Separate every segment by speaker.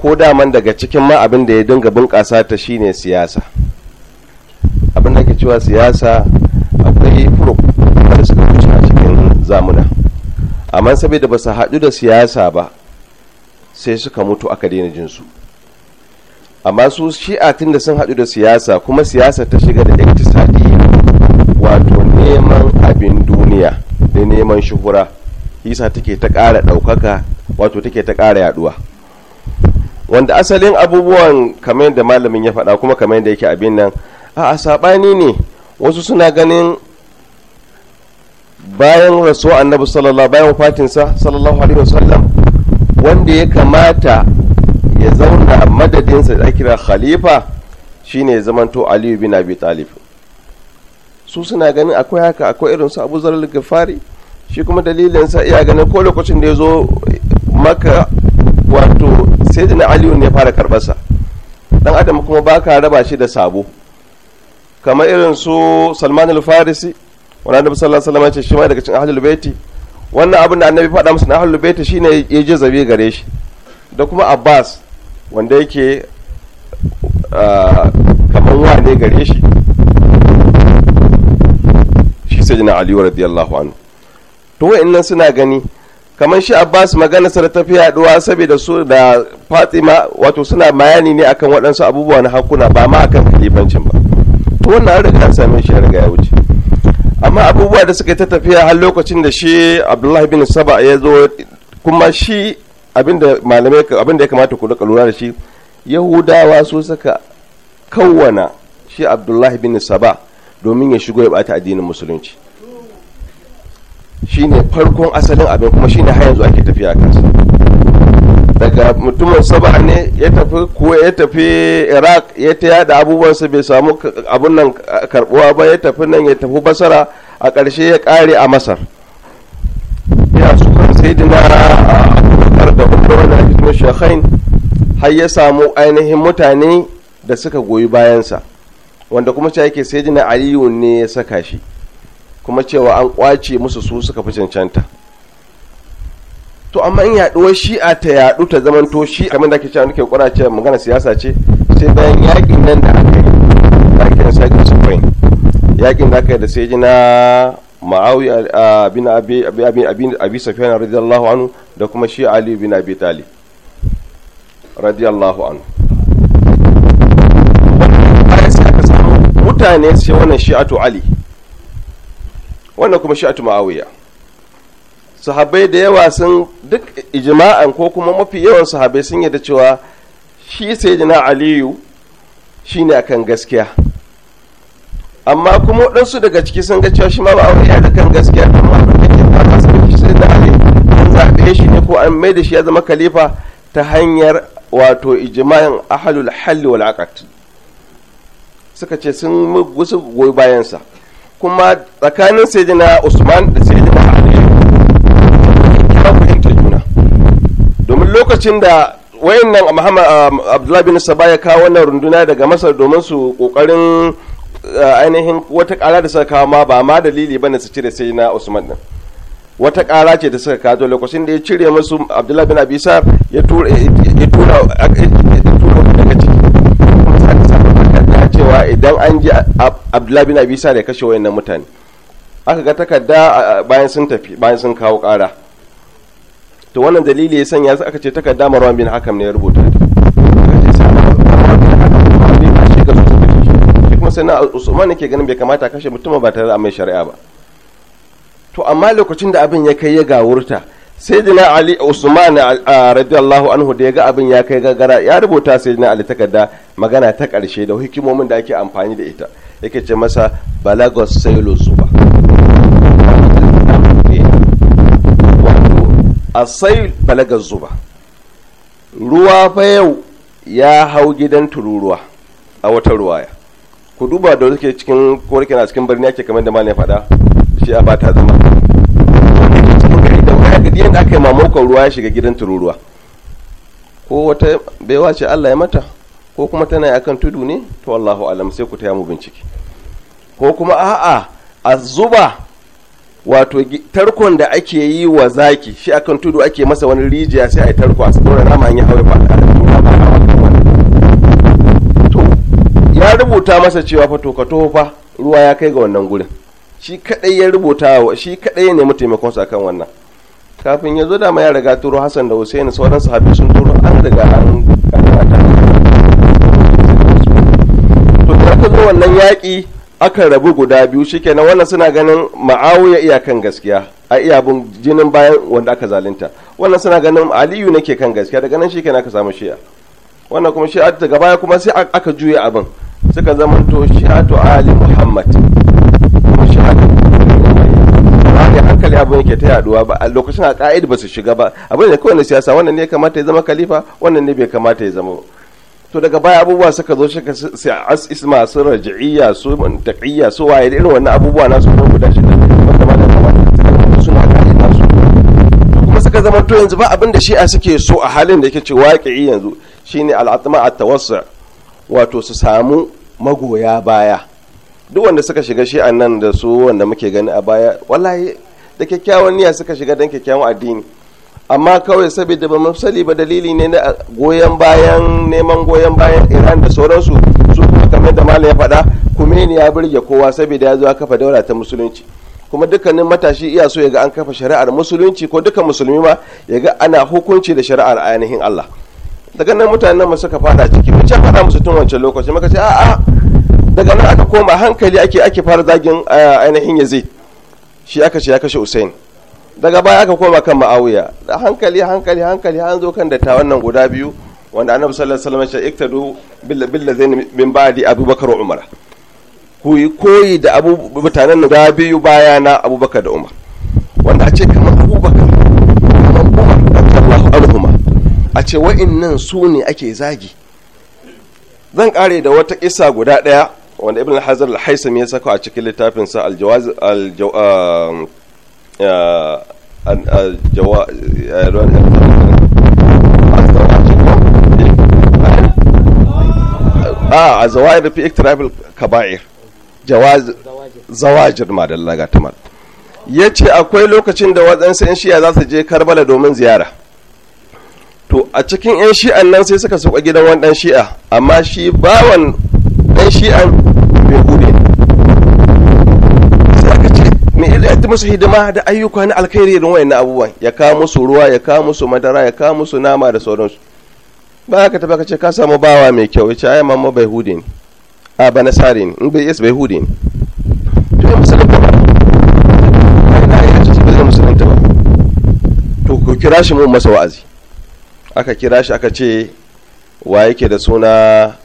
Speaker 1: ko daman daga cikin ma abin da ya dinga bunƙasa ta shine siyasa abin da ke cewa siyasa akwai furo da suka wuce a cikin zamuna amma saboda ba su haɗu da siyasa ba sai suka mutu aka daina jinsu amma su shi'a tun da sun haɗu da siyasa kuma siyasa ta shiga da iktisadi wato neman abin duniya da neman shuhura isa take ta ƙara ɗaukaka wato take ta ƙara yaɗuwa wanda asalin abubuwan kamar yadda malamin ya faɗa kuma kamar yadda yake abin nan a saɓani ne wasu suna ganin bayan rasuwa annabi sallallahu bayan fatinsa sallallahu alaihi wasallam wanda ya kamata ya zauna madadinsa da kira khalifa shine ya zamanto aliyu bin abi talib su suna ganin akwai haka akwai irin su abu zarar gafari shi kuma dalilinsa iya ganin ko lokacin da ya zo maka wato sayyidina aliyu ne ya fara karbarsa dan adam kuma baka raba shi da sabo kamar irin su salman al-farisi wani annabi sallallahu alaihi wasallam shi ma daga cikin ahlul baiti wannan abin da annabi faɗa musu na ahlul baiti shine ya je zabe gare shi da kuma abbas wanda yake kamar wane gare shi shi na aliyu radiyallahu anhu to wa'annan suna gani kamar shi abbas sa ta fi haduwa saboda su da fatima wato suna bayani ne akan waɗansu abubuwa na hakuna ba ma akan kalifancin ba to wannan an riga same shi riga ya wuce amma abubuwa da suka ta tafiya har lokacin da shi abdullahi bin saba ya zo kuma shi abinda malamai abinda ya kamata ku da lura da shi yahudawa su suka kawwana shi abdullahi bin saba domin ya shigo ya bata addinin musulunci shine farkon asalin abin kuma shine har yanzu ake tafiya kansa daga mutumin saba ne ya tafi kuwa ya tafi iraq ya ta yada abubuwansa bai samu abun nan karbuwa ba ya tafi nan ya tafi basara a ƙarshe ya ƙare a masar ya su kan sai abubakar da umar wani ake tuma shekhain har ya samu ainihin mutane da suka goyi bayansa wanda kuma shi ake sai aliyu ne ya saka shi kuma cewa an kwace musu su suka fi cancanta to amma in yaduwar shi'a ta yadu ta zamanto shi kamar da ke cewa nake kwana ce magana siyasa ce sai bayan yakin nan da aka yi da da sajin sufain yakin da aka yi da sai na ma'awiya bin abi abi abi abi sufyan radiyallahu anhu da kuma shi ali bin abi talib radiyallahu anhu mutane sai wannan shi'atu ali wannan kuma sha'atu ma'awiya sahabbai da yawa sun duk ijima'an ko kuma mafi yawan sahabbai sun yadda cewa shi jina aliyu shi ne akan gaskiya amma kuma waɗansu daga ciki sun ga cewa shi ma ma'awiya da kan gaskiya amma yake fata sun shi da aliyu an zaɓe shi ne ko an mai da shi ya zama khalifa ta hanyar wato ijma'in ahalul halli wal aqd suka ce sun gusu goyi bayansa kuma tsakanin sayyidina usman da sayyidina ali ta juna domin lokacin da wayannan ah, muhammad ah, abdullahi bin saba ya kawo wannan runduna daga masar domin su kokarin ah, ainihin wata kara da suka kawo ma ba ma dalili bane su cire sayyidina usman din wata kara ce da suka kawo lokacin da ya cire musu abdullahi bin abisa ya tura cewa idan an ji abdullahi bin abi da ya kashe wayannan mutane aka ga takarda bayan sun tafi bayan sun kawo kara to wannan dalili ya sanya aka ce takarda marwan bin hakam ne ya rubuta kuma na usman ne ke ganin bai kamata kashe mutum ba tare da amai shari'a ba to amma lokacin da abin ya kai ya gawurta sayyidina ali usman uh, radiyallahu anhu da ya ga abin ya kai gagara ya rubuta sayyidina ali takarda magana ta karshe da hikimomin da ake amfani da ita yake ce masa balagos sailu zuba sai balagos zuba ruwa fa yau ya hau gidan tururuwa a wata ruwaya ku duba da suke cikin kowar na cikin birni ake kamar da ma ne faɗa shi a ta zama mamokon ruwa ya shiga gidan tururuwa ko wata baiwa ce Allah ya mata ko kuma tana akan tudu ne to Allahu alam sai ku taya mu bincike ko kuma a'a a zuba wato tarkon da ake yi wa zaki shi akan tudu ake masa wani rijiya sai a yi tarko a tsoron rama an yi hawa ba to ya rubuta masa cewa fa to ka toho fa ruwa ya kai ga wannan gurin shi kadai ya rubuta shi kadai ya nemi taimakon sa kan wannan kafin ya zo da ma ya riga turo Hassan da Hussein sauran sahabi sun turo an riga an kakata to da aka zo wannan yaƙi aka rabu guda biyu shike na wannan suna ganin ma'awiya iyakan gaskiya a iya bin jinin bayan wanda aka zalunta wannan suna ganin aliyu nake kan gaskiya daga nan shike na ka samu shi'a wannan kuma shi'a daga baya kuma sai aka juya abin suka shi'a to ali muhammad hankali abin yake ta yaduwa ba a lokacin a ka'id ba su shiga ba abin da kowane siyasa wannan ne kamata ya zama khalifa wannan ne bai kamata ya zama to daga baya abubuwa suka zo suka as isma su raji'iyya su mantaqiyya su waye da irin wannan abubuwa na su guda shi da wanda da kamata suna ka'ida su kuma suka zama to yanzu ba abin da shi'a suke so a halin da yake ce waqi'i yanzu shine al-atma at-tawassu wato su samu magoya baya duk wanda suka shiga shi'an nan da su wanda muke gani a baya wallahi da kyakkyawan niyya suka shiga don kyakkyawan addini amma kawai saboda ba mafsali ba dalili ne na goyon bayan neman goyon bayan iran da sauransu su kuma kamar da malam ya faɗa kuma ne ya birge kowa saboda ya zo a kafa daura ta musulunci kuma dukkanin matashi iya so ya ga an kafa shari'ar musulunci ko dukkan musulmi ma ya ga ana hukunci da shari'ar ainihin Allah daga nan mutanen mu suka fada ciki mu ce faɗa musu tun wancan lokaci muka ce a'a daga nan aka koma hankali ake ake fara zagin eh, ainihin Yazid shi aka ce ya kashe usain daga baya aka koma kan ma'awiya da hankali hankali hankali an zo kan dattawan nan guda biyu wanda annabi sallallahu alaihi wasallam ya iktadu bil ladaini min ba'di abubakar wa umar ku yi koyi da abu mutanen nan guda biyu baya na abubakar da umar wanda a ce kamar abubakar kamar umar radiyallahu anhuma a ce wa'annan su ne ake zagi zan kare da wata kisa guda daya wanda ibn hazar al-haisam ya saka a cikin littafin sa al-jawaz al um, uh, uh, uh, jawaz ya ce akwai lokacin da waɗansu 'yan shi'a za su je karbala domin ziyara to a cikin 'yan shi'an nan sai suka suka gidan wani dan shi'a amma shi bawan dan shi'a bai hude sai aka ce me yadda musu hidima da ayyuka na alkhairi da wayannan abubuwan ya kawo musu ruwa ya kawo musu madara ya kawo musu nama da sauransu ba ka taba ka ce ka samu bawa mai kyau ya ce ai mamma bai hude ne a ba nasari ne in bai yes bai hude ne to ya musulunta ba na ya ce ba zai musulunta ba to ku kira shi mu masa wa'azi aka kira shi aka ce wa yake da suna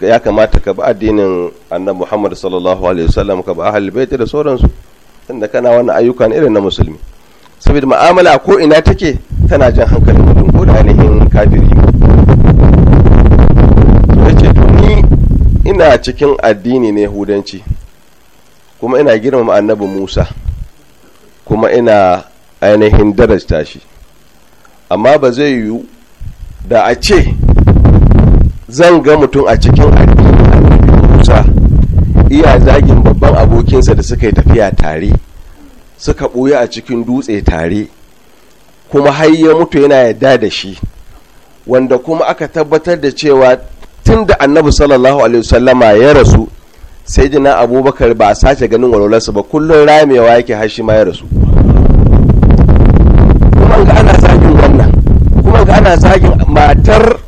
Speaker 1: ya kamata ka ba addinin annabi Muhammad sallallahu alaihi wasallam ka ba ahlul bait da sauransu inda kana wannan ayyukan irin na musulmi saboda mu'amala ko ina take tana jan hankali mutum ko da ainihin kafiri yace to ni ina cikin addini ne hudanci kuma ina girmama annabi Musa kuma ina ainihin darajta shi amma ba zai yiwu da a ce zan ga mutum a cikin musa iya zagin babban abokinsa da suka yi tafiya tare suka ɓuya a cikin dutse tare kuma har ya mutu yana yarda da shi wanda kuma aka tabbatar da cewa tun da annabi sallallahu alaihi wasallama ya rasu sai jina abubakar ba a sace ganin walwalarsa ba kullum ramewa yake hashi ma ya rasu kuma ga ana zagin wannan kuma ga ana zagin matar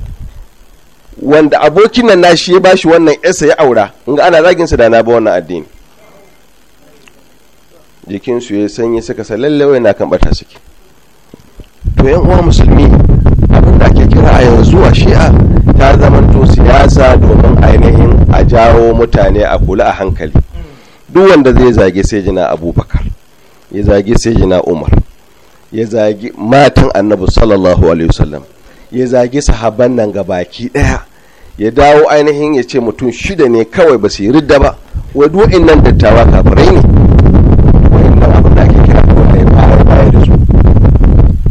Speaker 1: wanda abokin nan shi ya bashi wannan yasa ya aura in ga ana zagin sa da na ba wannan addini jikin su ya sanye suka sa lallawai na kan bata suke to yan uwa musulmi abin da ake kira a yanzu a shi'a ta zamanto siyasa domin ainihin a jawo mutane a kula a hankali duk wanda zai zage sai jina abubakar ya zage sai jina umar ya zage matan annabi sallallahu alaihi wasallam ya zage sahabban nan ga baki daya ya dawo ainihin ya ce mutum shida ne kawai ba su yi ridda ba wai in nan dattawa kafirai ne nan abin da ake kira da ya fara baya da su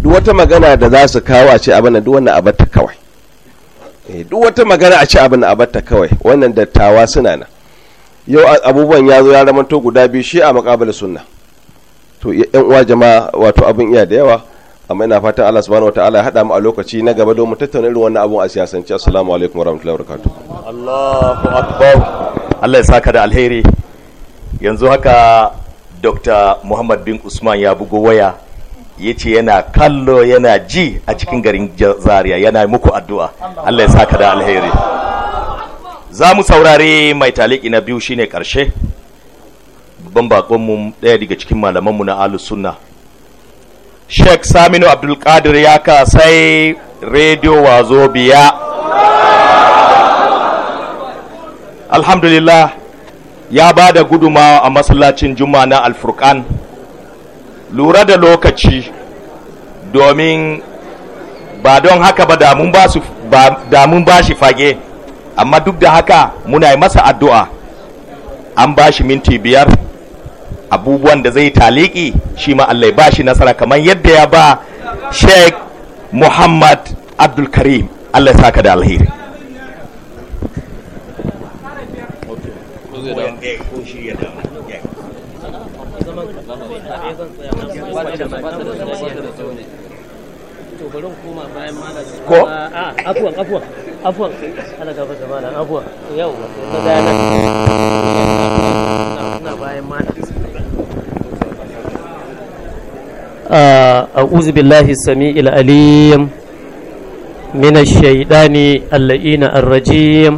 Speaker 1: duk wata magana da za su kawo a ce abin duk wannan abarta kawai eh, duk wata magana a ce abin abarta kawai wannan dattawa suna nan yau abubuwan ya zo ya ramanto guda biyu shi a makabar sunna to yan uwa jama'a wato abin iya da yawa amma ina fatan Allah subhanahu wataala ya hada mu a lokaci na gaba don mu tattauna irin wannan abun a siyasance assalamu alaikum warahmatullahi wabarakatuh
Speaker 2: Allahu akbar
Speaker 1: Allah
Speaker 3: ya saka da alheri yanzu haka Dr. Muhammad bin Usman ya bugo waya yace yana kallo yana ji a cikin garin Zaria yana muku addu'a Allah ya saka da alheri za mu saurari mai taliki na biyu shine karshe babban mu ɗaya daga cikin malamanmu na alusunna sheikh saminu abdulkadir ya sai rediyo wazo biya alhamdulillah ya ba da gudumawa a masallacin juma na alfurkan lura da lokaci domin ba don haka ba damun ba shi fage amma duk da haka muna yi masa addu'a an ba shi minti biyar abubuwan da zai taliki shi ma Allah ba shi nasara kamar yadda ya ba Sheikh Muhammad Abdul Karim Allah ya saka da alheri
Speaker 4: ko ah, afuwan afuwan afuwan ana gaba da malam afuwan yau أعوذ بالله السميع العليم من الشيطان اللئين الرجيم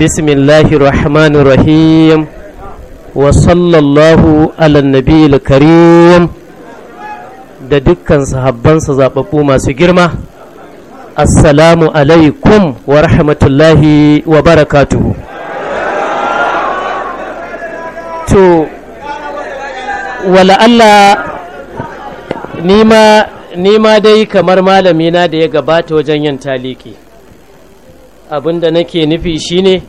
Speaker 4: بسم الله الرحمن الرحيم وصلى الله على النبي الكريم da dukkan sahabbansa zaɓaɓɓu masu girma assalamu alaikum wa rahmatullahi wa barakatuhu to wala Allah nima nima dai kamar malamina da ya gabata wajen yin taliki abinda nake nufi shine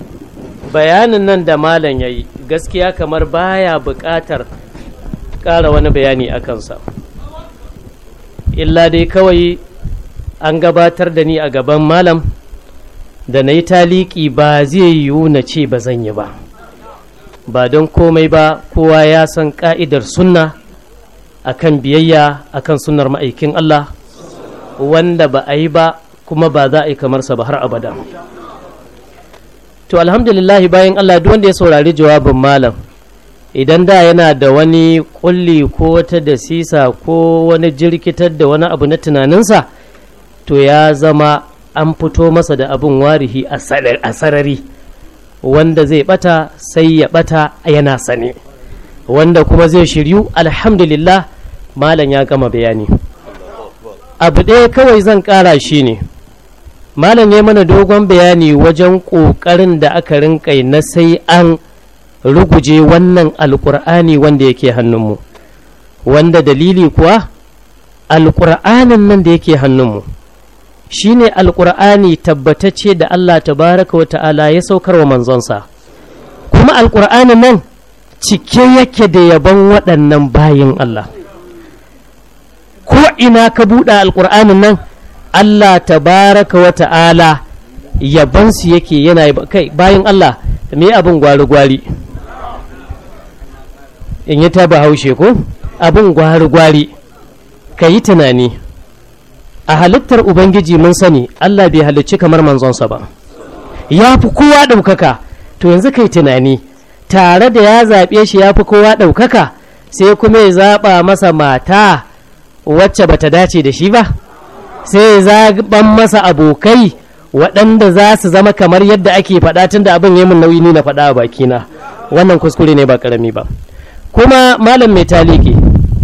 Speaker 4: bayanin nan da malam ya yi gaskiya kamar baya buƙatar ƙara wani bayani a kansa illa dai kawai an gabatar da ni a gaban malam da na yi taliki ba zai yiwu na ce ba zan yi ba ba don komai ba kowa ya san ka'idar sunna kan biyayya a kan sunnar ma'aikin Allah wanda ba a yi ba kuma ba za a yi kamarsa ba har abada to alhamdulillahi bayan Allah duk wanda ya saurari jawabin malam idan da yana da wani kulli ko wata sisa ko wani jirkitar da wani abu na tunaninsa to ya zama an fito masa da abin warihi a sarari wanda zai bata sai ya bata yana sane wanda kuma zai shiryu alhamdulillah malam ya gama bayani abu ɗaya kawai zan ƙara shi ne malam ya mana dogon bayani wajen ƙoƙarin da aka rinƙai na sai an ruguje wannan alƙur'ani wanda yake hannunmu wanda dalili kuwa alƙur'anin nan da yake hannunmu shine alqur'ani tabbatacce da Allah tabaraka wa ta'ala ya saukar wa manzonsa kuma alqur'ani nan cike yake da yabon waɗannan bayin Allah ko ina ka buɗe Alƙur'ani nan Allah tabaraka wa ta'ala yabansu yake yana kai bayan Allah me abin gwari-gwari in yi taba haushe ko abin gwari-gwari ka yi tunani a halittar ubangiji mun sani Allah bai halicci kamar manzonsa ba ya fi kowa ɗaukaka to yanzu kai tunani tare da ya zaɓe shi ya fi kowa ɗaukaka sai kuma ya zaɓa masa mata wacce bata dace da shi ba sai ya zaɓan masa abokai waɗanda za su zama kamar yadda ake faɗa tun da abin yamin nauyi ni na faɗa a bakina wannan kuskure ne ba ƙarami ba kuma malam mai taliki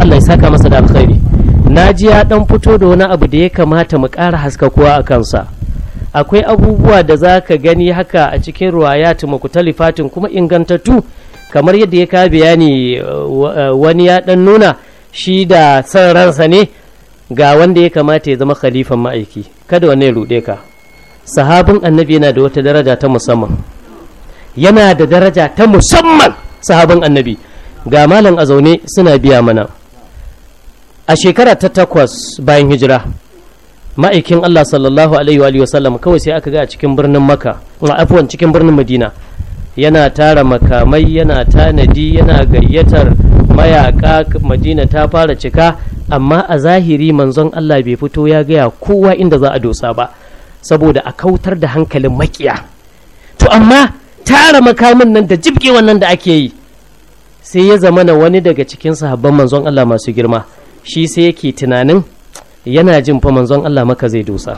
Speaker 4: Allah ya saka masa da alkhairi na ji ya ɗan fito da wani abu da ya kamata mu ƙara haskakuwa a kansa akwai abubuwa da za ka gani haka a cikin ruwaya ruwayat talifatin kuma ingantattu kamar yadda ya ka bayani eh, wani ya ɗan nuna shi da san ransa ne ga wanda ya kamata ya zama khalifan ma'aiki kada wani ya ruɗe ka sahabin annabi yana da wata daraja ta musamman yana da daraja ta musamman sahabin annabi ga malam a zaune suna biya mana a shekara ta takwas bayan hijira ma'aikin Allah sallallahu alaihi wa sallam kawai sai aka ga a cikin birnin maka afuwan cikin birnin madina yana tara makamai yana tanadi yana gayyatar mayaka madina ta fara cika amma a zahiri manzon Allah bai fito ya gaya kowa inda za a dosa ba saboda a kautar da hankalin makiya to amma tara makamin nan da jibge wannan da ake yi sai ya zamana wani daga cikin sahabban manzon Allah masu girma shi sai yake tunanin yana jin fa manzon Allah maka zai dosa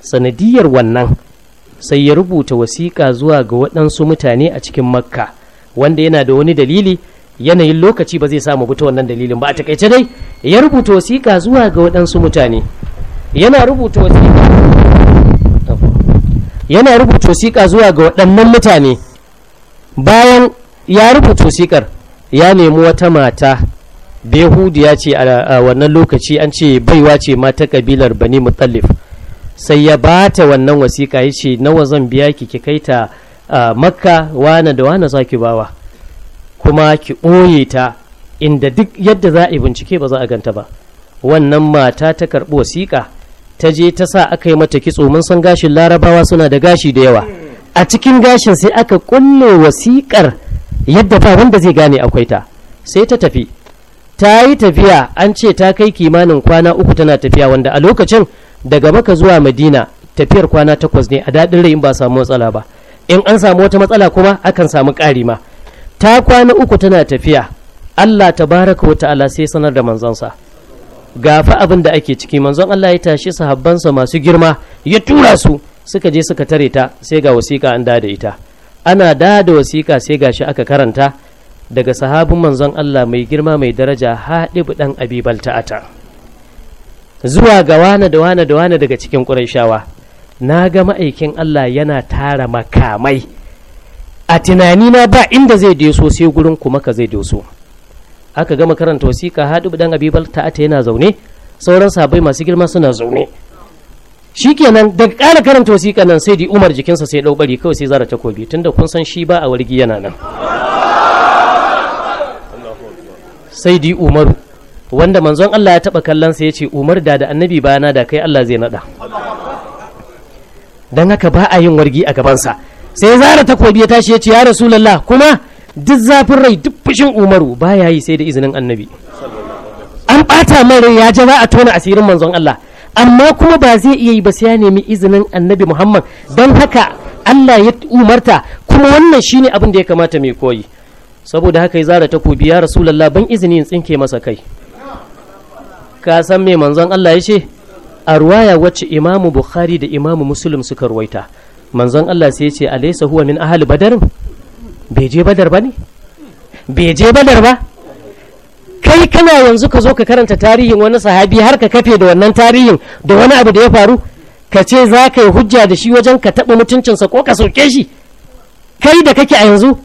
Speaker 4: sanadiyar wannan sai ya rubuta wasiƙa zuwa ga waɗansu mutane a cikin makka wanda yana da wani dalili yanayin lokaci ba zai samu fita wannan dalilin ba a takaice dai ya rubuta wasiƙa zuwa ga waɗansu mutane yana rubuta wasiƙa yana rubuta wasiƙa zuwa ga waɗannan mutane bayan ya rubuta wasiƙar ya nemi wata mata ya ce a wannan lokaci an ce baiwa ce ma ta kabilar bani mutallif sai ya ba ta wannan wasiƙa ya ce nawa zan biya ki ki kai ta makka wane da wane za ki bawa kuma ki ɓoye ta inda duk yadda za a yi bincike ba za a ganta ba wannan mata ta karɓi wasiƙa ta je ta sa aka yi mata kitso mun san gashin larabawa suna da gashi da yawa a cikin gashin sai aka kulle wasiƙar yadda ba wanda zai gane akwai ta sai ta tafi ta yi tafiya an ce ta kai kimanin kwana uku tana tafiya wanda a lokacin daga maka zuwa madina tafiyar kwana takwas ne a daɗin rai in ba samu matsala ba in an samu wata matsala kuma akan samu ƙari ma ta kwana uku tana tafiya allah tabaraka wa ta'ala sai sanar da manzansa gafa abin da ake ciki manzon allah ya tashi sahabbansa masu girma ya tura su suka je suka tare ta sai ga wasiƙa an da ita ana da da wasiƙa sai gashi aka karanta daga sahabin manzon Allah mai girma mai daraja haɗibu ɗan abibal ta'ata zuwa ga wane da wane da wane daga cikin ƙurashawa na ga ma'aikin Allah yana tara makamai a tunanina ba inda zai doso sai gurin kuma ka zai doso aka gama karanta wasiƙa haɗibu ɗan abibal ta'ata yana zaune sauran sabai masu girma suna zaune shikenan daga ƙara karanta wasiƙa nan sai di umar jikinsa sai ɗau bari kawai sai zara takobi tunda kun san shi ba a wargi yana nan sai di umaru wanda manzon Allah ya taɓa sa ya ce umar da da annabi bana da kai Allah zai naɗa don haka ba a yin wargi a gabansa sai zara takobi ya tashi ya ce ya rasu rasulallah kuma duk zafin rai duk fushin umaru ba ya yi sai da izinin annabi an ɓata man rai ya ja a tona asirin manzon Allah amma kuma ba zai iya yi ba sai ya nemi izinin annabi muhammad don haka Allah ya umarta kuma wannan shine abin da ya kamata mai koyi saboda haka ya zara takobi ya rasulallah ban izini in tsinke masa kai ka san me manzon Allah ya ce a ruwaya wacce imamu bukhari da imamu muslim suka ruwaita manzon Allah sai ya ce alaysa huwa min ahli badar bai je badar ba ne bai je badar ba kai kana yanzu ka zo ka karanta tarihin wani sahabi har ka kafe da wannan tarihin da wani abu da ya faru ka ce za ka yi hujja da shi wajen ka taɓa mutuncinsa ko ka sauke shi kai da kake a yanzu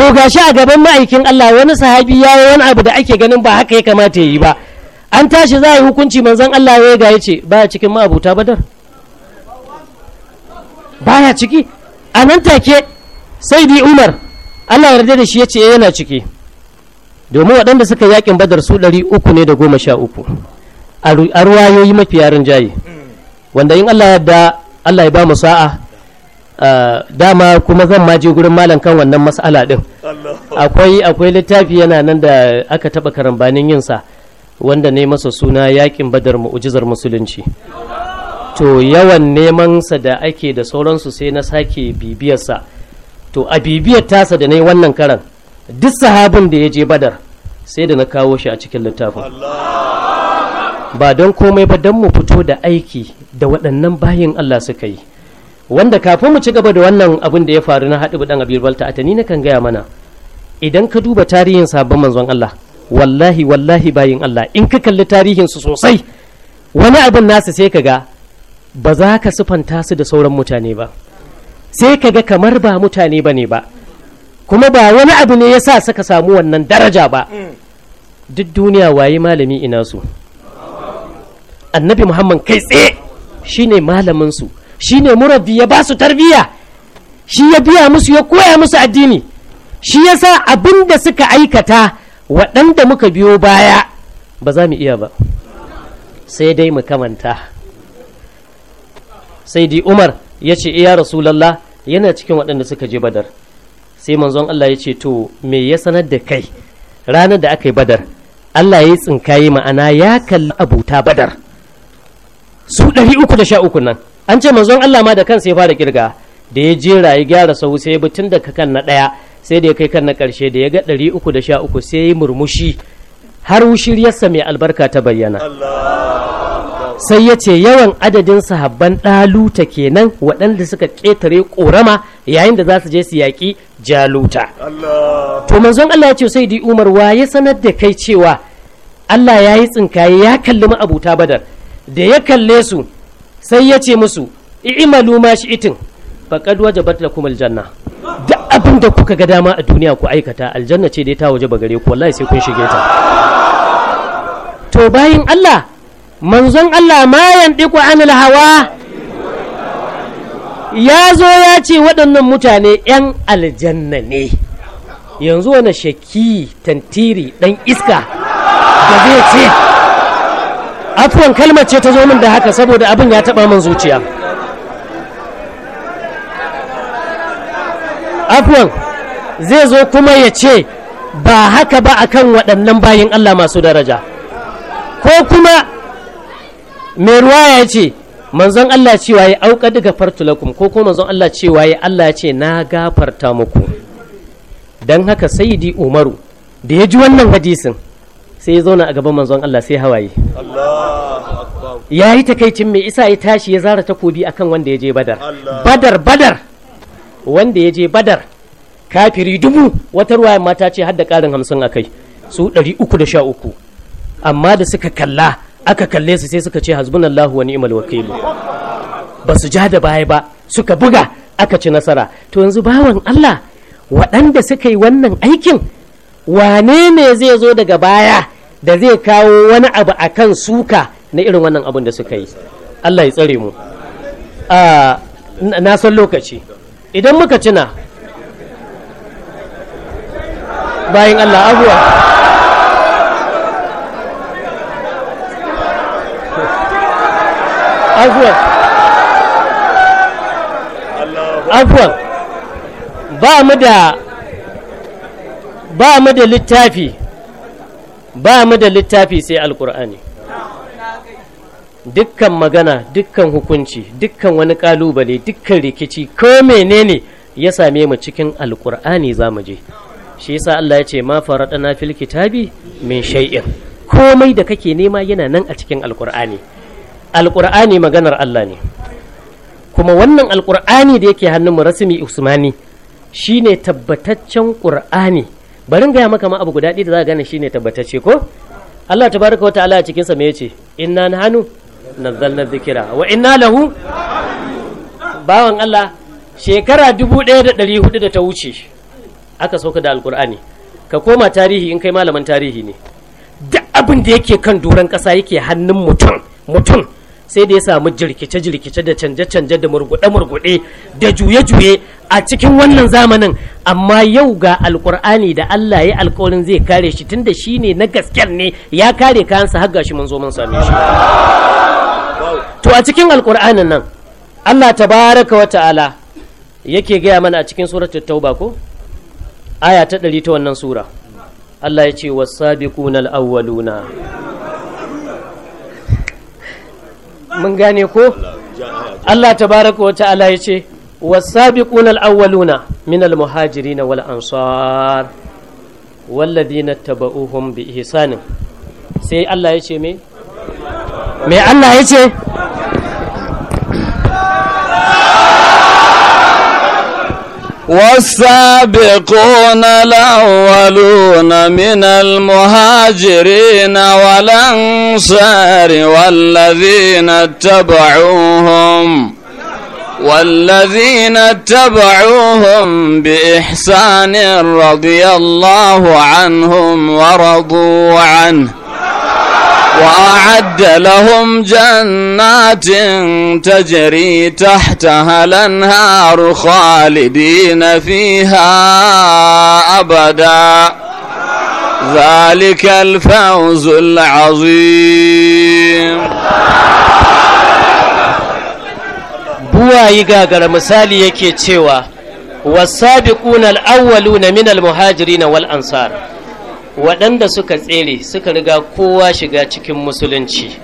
Speaker 4: to gashi a gaban ma'aikin Allah wani sahabi ya yi wani abu da ake ganin ba haka ya kamata ya yi ba an tashi za a yi hukunci manzon Allah ya ga ya ce baya cikin ma'abuta badar baya ciki a nan take sai bi umar Allah yarda da shi ya ce eh, yana ciki domin waɗanda suka yakin badar su ɗari uku ne da goma sha uku a ruwayoyi mafi yarin jayi wanda in Allah yadda Allah ya ba mu sa'a dama kuma zan maje gurin malam kan wannan mas'ala din akwai akwai littafi yana nan da aka taba karambanin yinsa wanda ne masa suna yakin badar ujizar musulunci to yawan neman sa da ake da sauransu sai na sake bibiyarsa to a bibiyar tasa da ne wannan karan duk sahabin da ya je badar sai da na kawo shi a cikin littafin ba don komai ba don mu fito da aiki da waɗannan bayin Allah suka yi wanda kafin mu ci gaba da wannan abin da ya faru na haɗu ɗan abir balta a tani kan gaya mana idan ka duba tarihin sabon manzon Allah wallahi wallahi bayin Allah in ka kalli tarihin su sosai wani abin nasu sai ka ga ba za ka sufanta su da sauran mutane ba sai ka ga kamar ba mutane ba ne ba kuma ba wani abu ne ya sa suka samu wannan daraja ba duk duniya waye malami ina su annabi muhammad kai tsaye shine malamin su shine murabbi ya ba su tarbiyya shi ya biya musu ya koya musu addini shi ya sa abin da suka aikata waɗanda muka biyo baya ba za mu iya ba sai dai mu kamanta sai dai umar ya ce iya rasulallah yana cikin waɗanda suka je badar sai manzon Allah ya ce to me ya sanar da kai ranar da aka yi badar Allah ya yi tsinkaye ma'ana ya kalli abuta badar su 313 nan an ce manzon Allah ma da kansa ya fara kirga da ya jera ya gyara sau sai ya bi tun daga kan na ɗaya sai da ya kai kan na ƙarshe da ya ga ɗari uku da sha uku sai ya yi murmushi har shiryarsa mai albarka ta bayyana sai ya ce yawan adadin sahabban ɗaluta kenan waɗanda suka ƙetare ƙorama yayin da za su je su yaƙi jaluta to manzon Allah ya ce sai di umar wa ya sanar da kai cewa Allah ya yi tsinkaye ya kalli ma'abuta badar da ya kalle su sai ya ce musu i'malu ma shi'tin faqad wajabat lakum aljanna Da abin da kuka ga dama a duniya ku aikata aljanna ce dai ta waje ba gare ku wallahi sai kun shige ta to bayin Allah manzon Allah ma yandiku anil hawa ya zo ya ce waɗannan mutane 'yan aljanna ne yanzu wani shaki tantiri ɗan iska da zai ce afuwan kalmar ce ta zo min da haka saboda abin ya taɓa min zuciya afuwan zai zo kuma ya ce ba haka ba akan waɗannan bayan Allah masu daraja ko kuma mai ruwa ya ce manzon Allah cewa ya auka daga fartulakum ko kuma manzon Allah cewa ya Allah ce na gafarta muku don haka sayidi umaru da ya ji wannan hadisin sai ya zauna a gaban manzon Allah sai hawaye ya yi takaicin mai isa ya tashi ya zara takobi akan wanda ya je badar badar badar wanda ya je badar kafiri dubu wata ruwa mata ce har da karin hamsin a kai su ɗari uku da sha uku amma da suka kalla aka kalle su sai suka ce hasbunallahu wa imal wakilu ba su ja da baya ba suka buga aka ci nasara to yanzu bawan Allah waɗanda suka yi wannan aikin wane ne zai zo daga baya da zai kawo wani abu a kan suka na irin wannan abin da suka yi Allah ya tsare mu na san lokaci idan muka cina, bayan Allah abuwa
Speaker 5: abuwa abuwa
Speaker 4: ba mu da ba mu da littafi ba mu da littafi sai alkur'ani dukkan magana dukkan hukunci dukkan wani kalubale dukkan rikici ko menene ya same mu cikin alkur'ani za mu je shi yasa Allah ya ce ma faradana fil kitabi min shay'in komai da kake nema yana nan a cikin alkur'ani alkur'ani maganar Allah ne kuma wannan alkur'ani da yake hannun mu rasmi usmani shine tabbataccen qur'ani bari gaya maka ma abu guda ɗaya da za gane shine tabbatacce ko Allah ta wa ta'ala a cikin sa me yace inna nahnu nazzalna dhikra wa inna lahu bawan Allah shekara dubu daya da hudu da ta wuce aka sauka da alkur'ani ka koma tarihi in kai malaman tarihi ne duk abin da yake kan duran ƙasa yake hannun mutum mutum sai da ya samu jirkice-jirkice da canje-canje da murguɗe-murguɗe da juye-juye a cikin wannan zamanin amma yau ga alkur'ani da Allah ya alkawarin zai kare shi tunda shi ne na gasken ne ya kare kayansa har gashi mun zo mun same shi to a cikin alkur'anin nan Allah tabaraka wa ta'ala yake gaya mana a cikin suratul tauba ko aya ta ɗari ta wannan sura Allah ya ce wasabiqunal awwaluna mun gane ko Allah tabaraka wa ta'ala ya ce والسابقون الأولون من المهاجرين والأنصار والذين اتبعوهم بإحسان سي الله يشي مي مي الله
Speaker 2: يشي والسابقون الأولون من المهاجرين والأنصار والذين اتبعوهم والذين اتبعوهم بإحسان رضي الله عنهم ورضوا عنه وأعد لهم جنات تجري تحتها الأنهار خالدين فيها أبدا ذلك الفوز العظيم yi gagara misali yake cewa
Speaker 4: wasabiquna al-awwaluna min al-muhajirin wal ansar waɗanda suka tsere suka riga kowa shiga cikin musulunci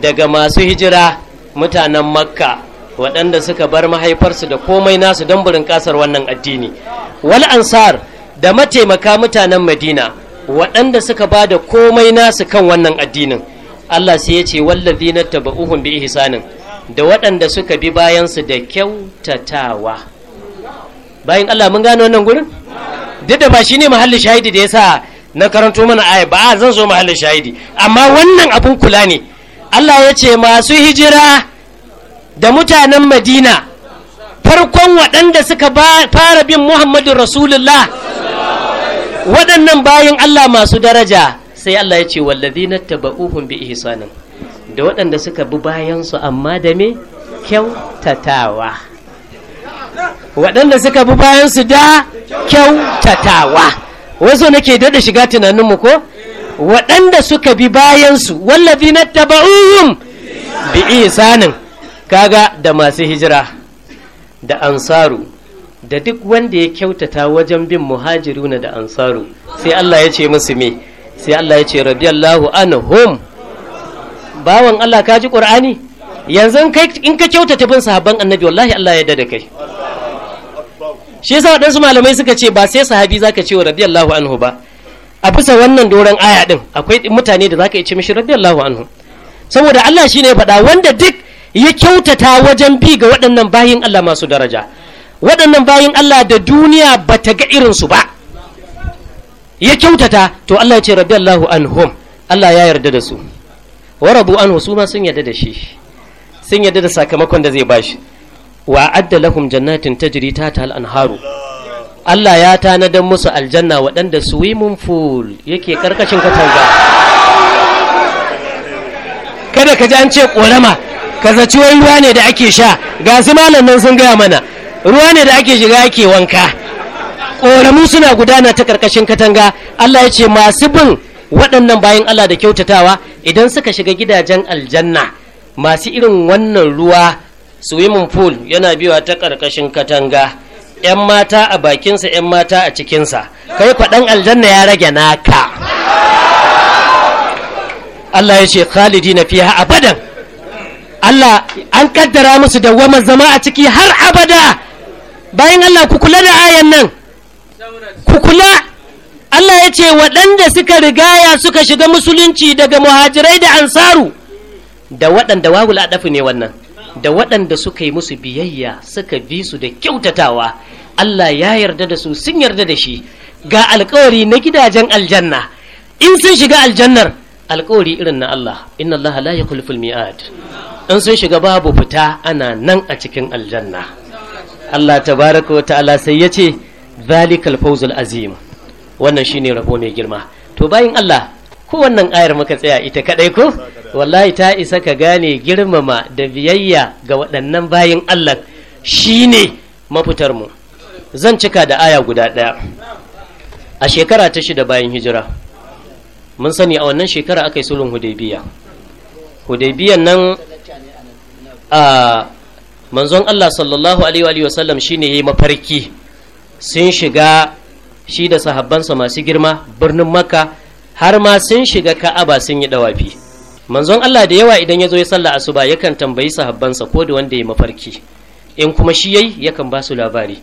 Speaker 4: daga masu hijira mutanen makka waɗanda suka bar mahaifarsu da komai nasu don burin kasar wannan addini wal'ansar da mataimaka mutanen madina waɗanda suka ba da komai nasu kan wannan addinin allah sai ya ce wallazi na taba'uhun bi ihsanin da waɗanda suka bi bayansu da kyautatawa bayan Allah mun gano wannan gurin duk da ba shi ne mahallin shahidi da ya sa na karanto mana aya ba a zan zo mahallin shahidi amma wannan abun kula ne Allah ya ce masu hijira da mutanen madina farkon waɗanda suka fara bin Muhammadu rasulullah waɗannan bayan Allah masu daraja sai Allah ya ce wallazi na taba'uhun bi ihsanin da waɗanda suka bi bayansu amma da me kyautatawa waɗanda suka bi bayansu da kyautatawa wasu nake daɗa shiga tunaninmu ko waɗanda suka bi bayansu wallafi na taba'uhum bi isanin kaga da masu hijira da ansaru da duk wanda ya kyautata wajen bin muhajiruna da ansaru sai Allah ya ce musu me sai Allah ya ce radiyallahu anhum bawan Allah ka ji Qur'ani yanzu kai in ka kyautata bin sahabban annabi wallahi Allah ya yarda da kai shi yasa waɗansu malamai suka ce ba sai sahabi zaka ce wa radiyallahu anhu ba a bisa wannan doron aya din akwai mutane da zaka ce mishi radiyallahu anhu saboda Allah shine ya faɗa wanda duk ya kyautata wajen bi ga waɗannan bayin Allah masu daraja waɗannan bayin Allah da duniya ba ta ga su ba ya kyautata to Allah ya ce radiyallahu anhum Allah ya yarda da su warabu an su ma sun yadda da shi sun yadda da sakamakon da zai bashi wa adda lahum jannatin tajri ta tal anharu Allah ya tanadar musu aljanna waɗanda swimming pool yake karkashin katanga kada ka ji an ce ƙorama ka zaci wani ruwa ne da ake sha ga su nan sun gaya mana ruwa ne da ake shiga ake wanka ƙoramu suna gudana ta karkashin katanga Allah ya ce masu bin waɗannan bayan Allah da kyautatawa idan suka shiga gidajen aljanna masu irin wannan ruwa swimming pool yana biwa ta ƙarƙashin katanga 'yan mata a bakinsa 'yan mata a cikinsa kai faɗan aljanna ya rage naka Allah ya ce khalidi na fiye abadan Allah an kaddara musu da wama zama a ciki har abada bayan Allah ku kula da ayan nan ku kula Allah ya ce waɗanda suka rigaya suka shiga musulunci daga muhajirai da ansaru da waɗanda wawul adafu ne wannan da waɗanda suka yi musu biyayya suka bi su da kyautatawa Allah ya yarda da su sun yarda da shi ga alkawari na gidajen aljanna in sun shiga aljannar alkawari irin na Allah inna Allah la yakhliful mi'ad in sun shiga babu fita ana nan a cikin aljanna Allah tabaraka wa ta'ala sai ya ce zalikal fawzul azim wannan shine rabo mai girma to bayin Allah ko wannan ayar muka tsaya ita kadai ko wallahi ta isa ka gane girmama da biyayya ga waɗannan bayin Allah shine mafitar mu zan cika da aya guda ɗaya a shekara ta shida bayan hijira mun sani a wannan shekara aka yi sulhun hudaybiya hudaybiyan nan a manzon Allah sallallahu alaihi wa sallam shine yayi mafarki sun shiga shi da sahabbansa masu girma birnin makka har ma sun shiga ka'aba sun yi dawafi manzon Allah da yawa idan ya zo ya sallah asuba yakan tambayi sahabbansa ko da wanda ya mafarki in kuma shi yayi yakan ba su labari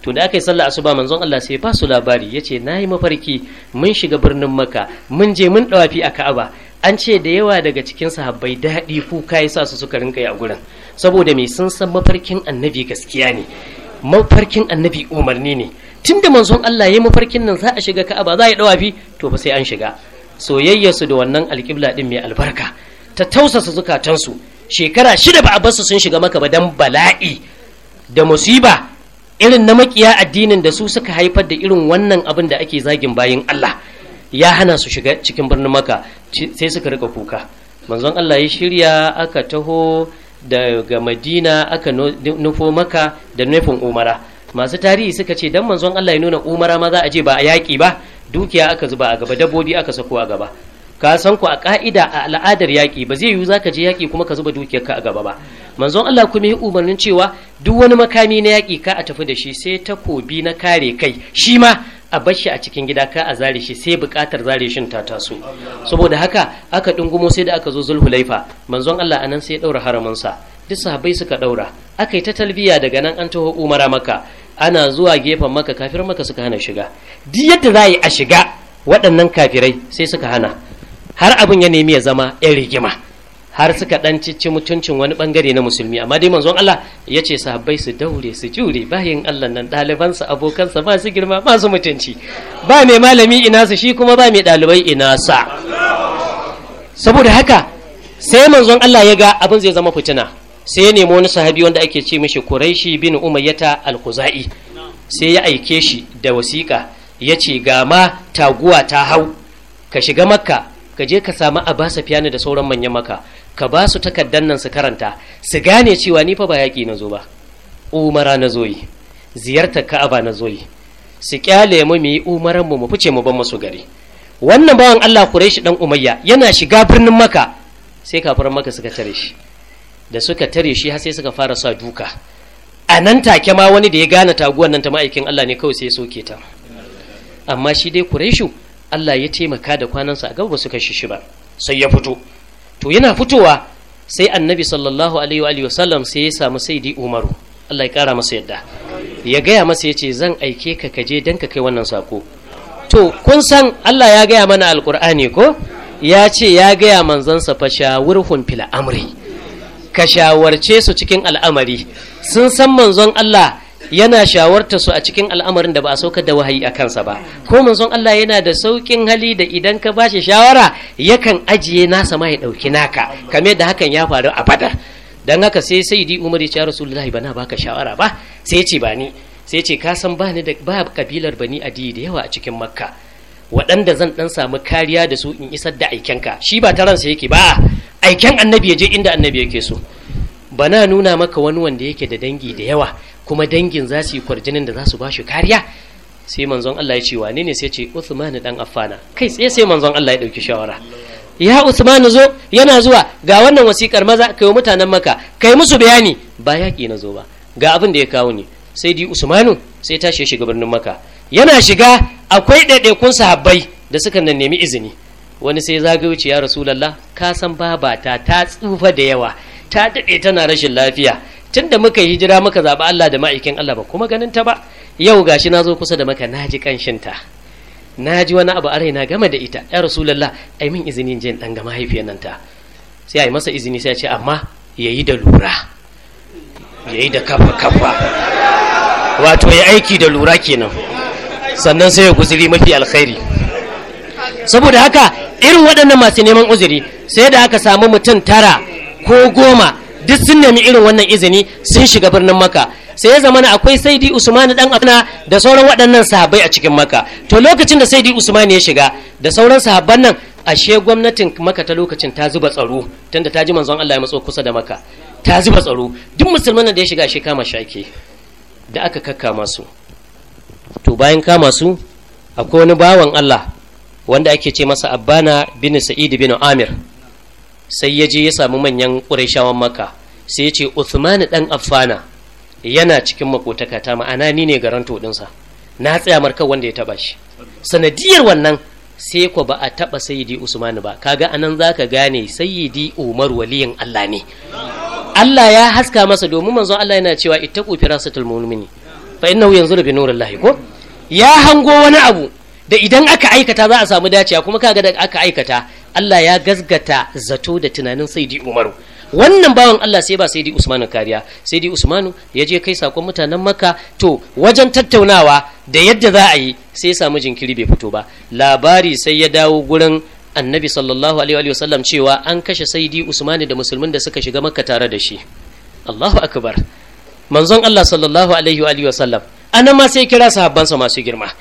Speaker 4: to da aka yi sallah asuba manzon Allah sai ya ba su labari yace nayi mafarki mun shiga birnin makka mun je mun dawafi a ka'aba an ce da yawa daga cikin sahabbai daɗi kuka ya sa su suka rinka a gurin saboda me sun san mafarkin annabi gaskiya ne mafarkin annabi umarni ne tun da manzon Allah ya mafarkin nan za a shiga ka'aba za a yi dawafi to ba sai an shiga soyayya su da wannan alƙibla din mai albarka ta tausasa zukatansu shekara shida ba a basu sun shiga maka ba dan bala'i da musiba irin na makiya addinin da su suka haifar da irin wannan abin da ake zagin bayin Allah ya hana su shiga cikin birnin maka sai suka rika kuka manzon Allah ya shirya aka taho daga madina aka nufo maka da nufin umara masu tarihi suka ce dan manzon Allah ya nuna umara ma za a je ba a yaƙi ba dukiya aka zuba a gaba dabbobi aka sako a gaba ka san ku a ka'ida a al'adar yaƙi ba zai yiwu za ka je yaƙi kuma ka zuba dukiyar ka a gaba ba manzon Allah kuma ya umarnin cewa duk wani makami na yaƙi ka a tafi da shi sai takobi na kare kai shi ma a bar shi a cikin gida ka a zare shi sai buƙatar zare shin ta taso saboda haka aka dungumo sai da aka zo zulhulaifa manzon Allah anan sai ya daura haramansa duk sahabbai suka ɗaura, aka yi ta talbiya daga nan an taho umara maka ana zuwa gefen maka kafir maka suka hana shiga duk yadda za a yi a shiga waɗannan kafirai sai suka hana har abin ya nemi ya zama yan rigima har suka dan cici mutuncin wani bangare na musulmi amma dai manzon Allah ya ce sahabbai su daure su jure bayan Allah nan ɗalibansa abokansa ba su girma ba su mutunci ba mai malami ina su shi kuma ba mai ɗalibai ina sa saboda haka sai manzon Allah ya ga abin zai zama fitina sai ya nemi wani sahabi wanda ake ce mishi Quraishi bin Umayyata al-Khuzai sai ya aike shi da wasiƙa ya ce ga ma taguwa ta hau ka shiga makka ka je ka samu basa fiyani da sauran manyan maka ka ba su takardar nan su karanta su gane cewa ni fa ba yaƙi na zo ba umara na zo yi ziyartar ka'aba na zo su kyale mu mu yi umaran mu mu fice mu ban masu gari wannan bawan Allah Quraishi dan Umayya yana shiga birnin Makka sai kafiran Makka suka tare shi da suka tare shi har sai suka fara sa duka a nan take ma wani da ya gane taguwan nan ta ma'aikin Allah ne kawai sai ya soke ta amma shi dai Quraishu Allah ya taimaka da kwanansa a gaba su kashe shi ba sai ya fito to yana fitowa sai annabi sallallahu alaihi wa sallam sai ya samu saidi Umaru Allah ya kara masa yadda ya gaya masa ya ce zan aike ka kaje dan ka kai wannan sako to kun san Allah ya gaya mana alkur'ani ko ya ce ya gaya manzansa fa shawurhun fil amri ka shawarce su cikin al'amari sun san manzon Allah yana shawarta su a cikin al'amarin da ba a saukar da wahayi a kansa ba ko manzon Allah yana da saukin hali da idan ka ba shi shawara yakan ajiye nasa ma ya dauki naka kamar da hakan ya faru a fada dan haka sai sayyidi Umar ya ce Rasulullahi bana baka shawara ba sai ya ce bani sai ya ce ka san ba da ba kabilar bani adi da yawa a cikin Makka waɗanda zan dan samu kariya da su in isar da aikenka shi ba ta ransa yake ba aiken annabi ya je inda annabi yake so bana nuna maka wani wanda yake da dangi da yawa kuma dangin za su yi kwarjinin da za su ba shi kariya sai manzon Allah ya ce wane ne sai ce Uthman dan Affana kai tsaye sai manzon Allah ya dauki shawara ya Uthman zo yana zuwa ga wannan wasikar maza kai mutanen maka kai musu bayani ba yaƙi na zo ba ga abin da ya kawo ni sai di Usmanu sai tashi ya shiga birnin maka yana shiga akwai ɗaiɗaikun sahabbai da suka nan nemi izini wani sai zagayo wuce ya rasulallah ka san babata ta tsufa da yawa ta daɗe tana rashin lafiya Tunda muka yi hijira muka zaɓi Allah da ma'aikin Allah ba kuma ganin ta ba yau gashi na zo kusa da maka na ji ƙanshinta na ji wani abu a raina game da ita ya rasulallah ai min izini jin ɗan ga mahaifiyar nan ta sai a yi masa izini sai ya ce amma ya yi da lura ya yi da kafa kafa wato ya aiki da lura kenan sannan sai ya guziri mafi alkhairi saboda haka irin waɗannan masu neman uzuri sai da aka samu mutum tara ko goma duk sun nemi irin wannan izini sun shiga birnin maka sai ya zamana akwai saidi usmani dan abuna da sauran waɗannan sahabai a cikin maka to lokacin da saidi usmani ya shiga da sauran sahabban nan ashe gwamnatin maka ta lokacin ta zuba tsaro tunda ta ji manzon Allah ya matso kusa da maka ta zuba tsaro duk musulman da ya shiga shi kama shake da aka kakka masu to bayan kama su akwai wani bawan Allah wanda ake ce masa abbana bin sa'id bin amir sai ya je ya samu manyan ƙurashawan maka sai ya ce uthman dan affana yana cikin makotakata, ma'ana ni ne garan todinsa na tsaya markar wanda ya taba shi sanadiyar wannan sai ko ba a taba sayyidi usman ba kaga anan zaka gane sayyidi umar waliyin Allah ne Allah ya haska masa domin manzon Allah yana cewa ittaqu firasatul mu'mini fa innahu yanzuru bi nurillahi ko ya hango wani abu da idan aka aikata za a samu dacewa kuma kaga da aka aikata Allah ya gazgata zato da tunanin saidi Umaru wannan bawan Allah sai ba saidi Usmanu kariya saidi Usmanu ya je kai sakon mutanen Makka to wajen tattaunawa da yadda za a yi sai samu jinkiri bai fito ba labari sai ya dawo gurin annabi sallallahu alaihi wasallam cewa an kashe saidi Usmanu da musulmin da suka shiga Makka tare da shi Allahu akbar manzon Allah sallallahu alaihi wasallam anan ma sai kira sahabbansa masu girma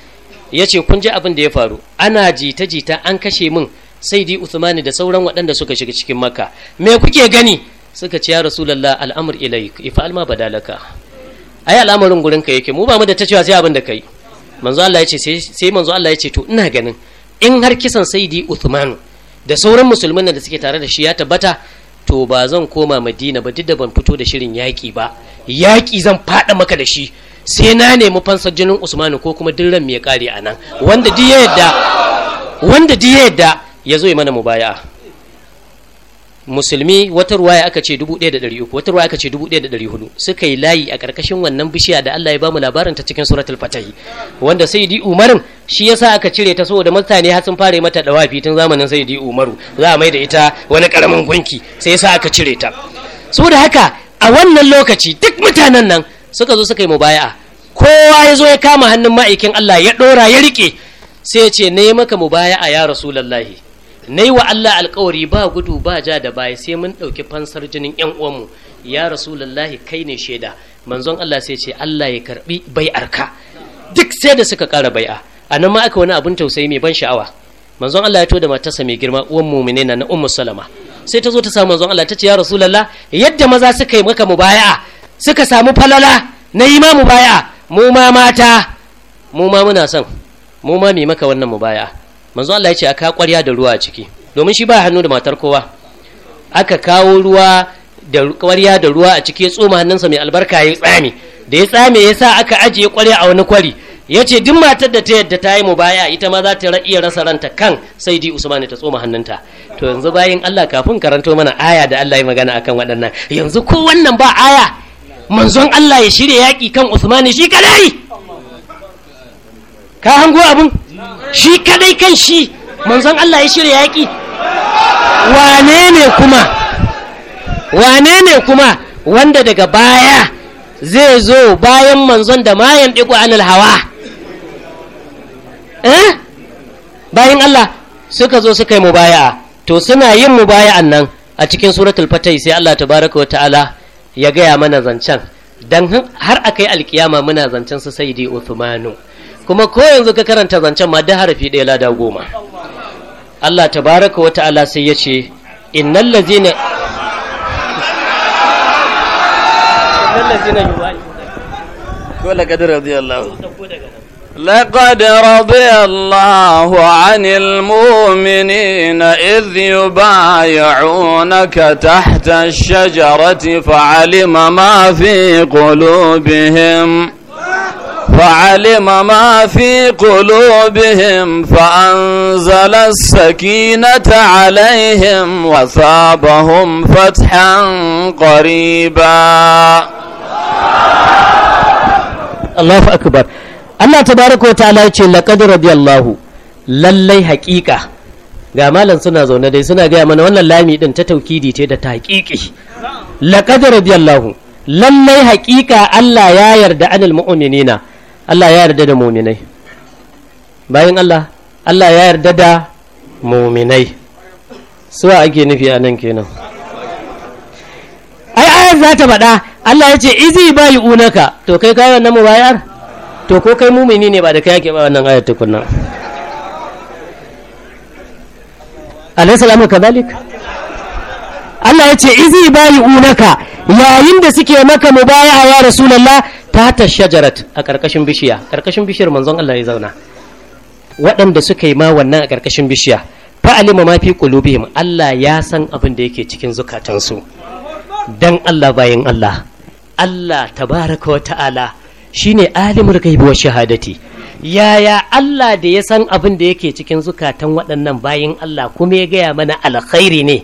Speaker 4: ya ce kun ji abin da ya faru ana jita-jita an kashe min sai di Uthmani da sauran waɗanda suka shiga cikin maka me kuke gani suka ce ya rasulallah al'amur ilaik ifa alma badalaka ai al'amarin gurin ka yake mu ba mu da ta cewa sai abin da kai manzo Allah ya ce sai manzo Allah ya ce to ina ganin in har kisan saidi Uthman da sauran musulmin da suke tare da shi ya tabbata to ba zan koma Madina ba duk da ban fito da shirin yaƙi ba yaƙi zan faɗa maka da shi sai na nemi fansar jinin usmanu ko kuma dillan mai kare a nan wanda duk yadda wanda yadda ya zo mana mubaya'a musulmi wata ruwaya aka ce 1300 wata ruwaya aka ce 1400 suka yi layi a ƙarƙashin wannan bishiya da Allah ya ba mu labarin ta cikin suratul fatahi wanda sayyidi umarin shi yasa aka cire ta saboda mutane har sun fara mata dawafi tun zamanin sayyidi umaru za a mai da ita wani karamin gunki sai yasa aka cire ta saboda haka a wannan lokaci duk mutanen nan suka zo suka yi mubaya'a kowa ya zo ya kama hannun ma'aikin Allah ya ɗora ya riƙe sai ya ce na yi maka mubaya'a ya rasulallahi na yi wa Allah alkawari ba gudu ba ja da baya sai mun ɗauki fansar jinin ‘yan uwanmu ya rasulallahi kai ne shaida manzon Allah sai ce Allah ya karɓi bai'arka duk sai da suka ƙara bai'a a nan ma aka wani abin tausayi mai ban sha'awa manzon Allah ya to da matarsa mai girma uwan mumine na ummu salama sai ta zo ta samu manzon Allah ta ce ya rasulallah yadda maza suka yi maka mubaya'a suka samu falala na yi ma mubaya mu ma mata mu ma muna son mu ma mai maka wannan mubaya manzo Allah ya ce aka kwarya da ruwa a ciki domin shi ba hannu da matar kowa aka kawo ruwa da kwarya da ruwa a ciki ya tsoma hannunsa mai albarka ya tsame da ya tsame ya sa aka ajiye kwarya a wani kwari ya ce duk matar da ta yadda ta yi mu baya ita ma za ta iya rasa ranta kan sai di usman ta tsoma hannunta to yanzu bayan Allah kafin karanto mana aya da Allah ya magana akan waɗannan yanzu ko wannan ba aya manzon Allah ya shirya yaƙi kan Usmani shi kadai ka hango abun shi kadai kan shi manzon Allah ya shirya yaƙi wane ne kuma wane ne kuma wanda daga baya zai zo bayan manzon da mayan ɗigo anil hawa eh bayan Allah suka zo suka yi mubaya to suna yin mubaya'an nan a cikin suratul fatai sai Allah tabaraka wa ta'ala ya gaya mana zancen don har a kai alkiyama muna zancen su dai Uthmanu kuma ko yanzu ka karanta zancen ma da harafi ɗaya lada goma Allah baraka wa ta'ala sai ya ce innal ladzina
Speaker 2: dole kadar radiyallahu لقد رضي الله عن المؤمنين إذ يبايعونك تحت الشجرة فعلم ما في قلوبهم فعلم ما في قلوبهم فأنزل السكينة عليهم وثابهم فتحا قريبا الله أكبر
Speaker 4: Allah Ta tabaraka ta'ala ya ce laqad radiyallahu lallai haƙiƙa ga malam suna zaune dai suna gaya mana wannan lami din ta taukidi ce da taƙiƙi laqad radiyallahu lallai haƙiƙa Allah ya yarda anil mu'minina Allah ya yarda da mu'minai bayan Allah Allah ya yarda da mu'minai suwa ake nufi a nan kenan ai ayar za ta faɗa Allah ya ce izi bayi unaka to kai kayan na mubayar to ko kai mumini ne ba da kai yake ba wannan ayar tukunna alayhi salamu kadhalik Allah ya ce izi bayi unaka yayin da suke maka mubaya'a ya rasulullah ta ta shajarat a karkashin bishiya karkashin bishiyar manzon Allah ya zauna waɗanda suka yi ma wannan a karkashin bishiya fa'alima ma fi qulubihim Allah ya san abin da yake cikin zukatansu dan Allah bayan Allah Allah tabaraka wa ta'ala shine alimul gaibi wa shahadati yaya Allah da ya san abin da yake cikin zukatan waɗannan bayan Allah kuma ya gaya mana alkhairi ne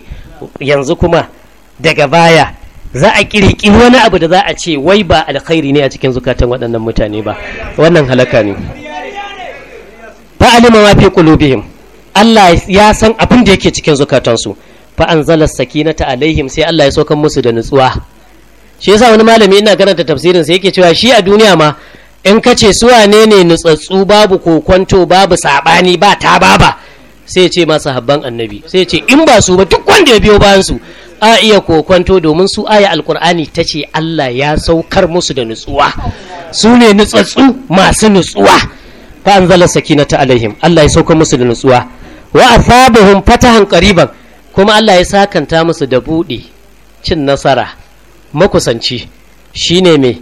Speaker 4: yanzu kuma daga baya za a ƙirƙiri wani abu da za a ce wai ba alkhairi ne a cikin zukatan waɗannan mutane ba wannan halaka ne alima ma fi qulubihim Allah ya san abin da yake cikin zukatansu fa anzala sakinata alaihim sai Allah ya sokan musu da nutsuwa shi yasa wani malami ina karanta tafsirin sa yake cewa shi a duniya ma in ka ce su wane ne nutsatsu babu kokonto babu sabani ba ta baba sai ce masa habban annabi sai ce in ba su ba duk wanda ya biyo bayan su a iya kokonto domin su aya alkur'ani ta ce Allah ya saukar musu da nutsuwa su ne nutsatsu masu nutsuwa fa anzala sakinata alaihim Allah ya saukar musu da nutsuwa wa asabahum fatahan qariban kuma Allah ya sakanta musu da buɗe cin nasara makusanci shi ne mai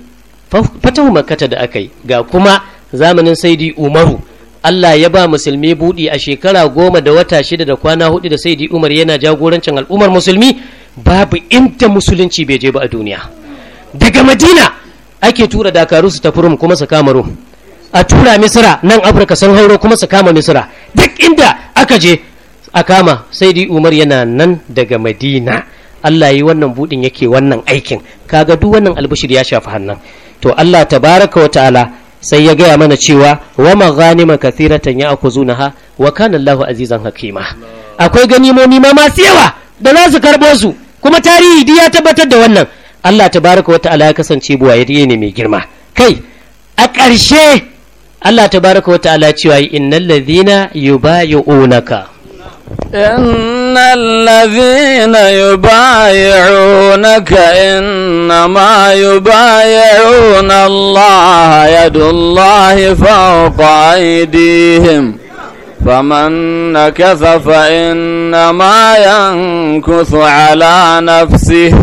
Speaker 4: fatahu makata da aka yi ga kuma zamanin saidi umaru Allah ya ba musulmi buɗi a shekara goma da wata shida da kwana hudu da saidi umar yana jagorancin al'ummar musulmi babu inda musulunci bai je ba a duniya daga madina ake tura dakaru su tafi rum kuma su kama rum a tura misira nan afirka sun hauro kuma su kama misira duk inda aka je a kama saidi umar yana nan daga madina Allah yi wannan budin yake wannan aikin kaga duk wannan albishir ya shafi hannan to Allah tabaraka wa ta'ala sai ya gaya mana cewa wa maghanima kathiratan ya'khuzunaha wa kana Allahu azizan hakima akwai ganimomi ma masu yawa da za su karbo su kuma tarihi duk ya tabbatar da wannan Allah tabaraka wa ta'ala ya kasance buwa ya ne mai girma kai a ƙarshe Allah tabaraka wa ta'ala cewa innal ladhina onaka.
Speaker 2: إن الذين يبايعونك إنما يبايعون الله يد الله فوق أيديهم فمن نكث فإنما ينكث على نفسه